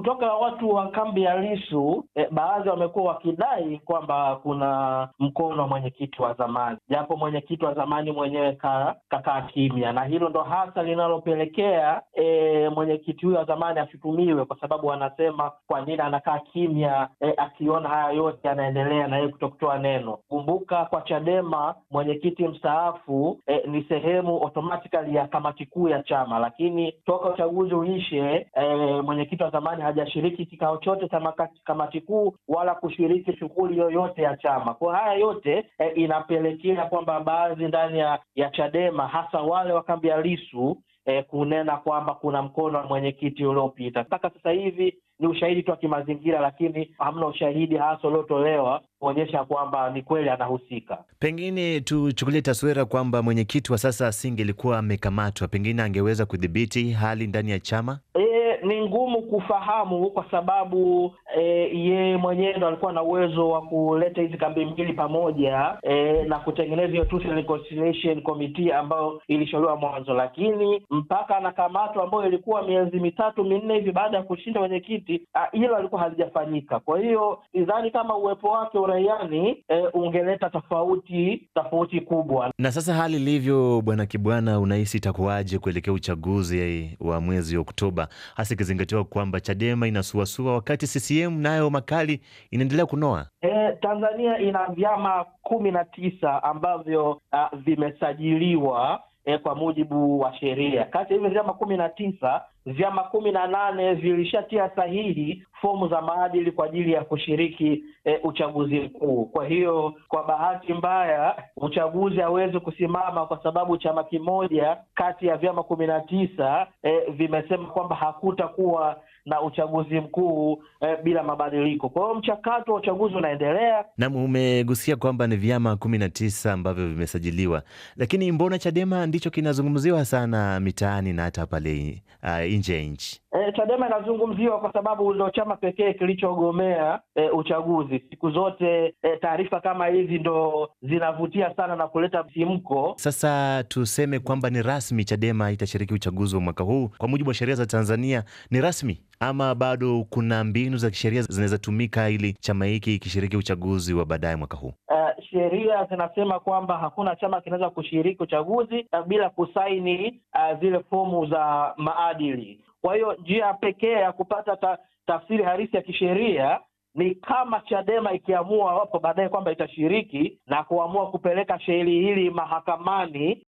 kutoka watu wa kambi ya Lisu e, baadhi wamekuwa wakidai kwamba kuna mkono wa mwenyekiti wa zamani, japo mwenyekiti wa zamani mwenyewe kakaa kimya, na hilo ndo hasa linalopelekea e, mwenyekiti huyo wa zamani ashutumiwe, kwa sababu wanasema kwa nini anakaa kimya e, akiona haya yote yanaendelea na yeye kutokutoa neno. Kumbuka kwa Chadema mwenyekiti mstaafu e, ni sehemu automatically ya kamati kuu ya chama, lakini toka uchaguzi uishe e, mwenyekiti wa zamani hajashiriki kikao chote cha kamati kuu wala kushiriki shughuli yoyote ya chama. Kwa haya yote e, inapelekea kwamba baadhi ndani ya, ya Chadema hasa wale wa kambi ya Lisu e, kunena kwamba kuna mkono wa mwenyekiti uliopita. Mpaka sasa hivi ni ushahidi tu wa kimazingira, lakini hamna ushahidi hasa uliotolewa kuonyesha kwamba ni kweli anahusika. Pengine tuchukulie taswira kwamba mwenyekiti wa sasa asingelikuwa amekamatwa, pengine angeweza kudhibiti hali ndani ya chama e, hatukufahamu kwa sababu e, eh, yeye mwenyewe ndo alikuwa na uwezo wa kuleta hizi kambi mbili pamoja e, na kutengeneza hiyo Truth and Reconciliation Committee ambayo ilishauriwa mwanzo, lakini mpaka anakamatwa, ambayo ilikuwa miezi mitatu minne hivi baada ya kushinda kwenye kiti, ah, hilo alikuwa halijafanyika. Kwa hiyo sidhani kama uwepo wake uraiani e, ungeleta tofauti tofauti kubwa. Na sasa hali ilivyo, bwana Kibwana, unahisi itakuwaje kuelekea uchaguzi wa mwezi Oktoba, hasa ikizingatiwa kwamba Chadema inasuasua wakati CCM nayo makali inaendelea kunoa? E, Tanzania ina vyama kumi na tisa ambavyo vimesajiliwa E, kwa mujibu wa sheria. Kati ya hivyo vyama kumi na tisa vyama kumi na nane vilishatia sahihi fomu za maadili kwa ajili ya kushiriki e, uchaguzi mkuu. Kwa hiyo kwa bahati mbaya uchaguzi hawezi kusimama kwa sababu chama kimoja kati ya vyama kumi na tisa e, vimesema kwamba hakutakuwa na uchaguzi mkuu e, bila mabadiliko. Kwa hiyo mchakato wa uchaguzi unaendelea. Nam, umegusia kwamba ni vyama kumi na tisa ambavyo vimesajiliwa, lakini mbona Chadema ndicho kinazungumziwa sana mitaani na hata pale uh, nje ya nchi. E, Chadema inazungumziwa kwa sababu ndo chama pekee kilichogomea e, uchaguzi. Siku zote e, taarifa kama hizi ndo zinavutia sana na kuleta msimko. Sasa tuseme kwamba ni rasmi Chadema itashiriki uchaguzi wa mwaka huu kwa mujibu wa sheria za Tanzania, ni rasmi ama bado kuna mbinu za kisheria zinazotumika ili chama hiki kishiriki uchaguzi wa baadaye mwaka huu? e, sheria zinasema kwamba hakuna chama kinaweza kushiriki uchaguzi bila kusaini uh, zile fomu za maadili. Kwa hiyo njia pekee ya kupata ta, tafsiri halisi ya kisheria ni kama Chadema ikiamua wapo baadaye kwamba itashiriki na kuamua kupeleka shauri hili mahakamani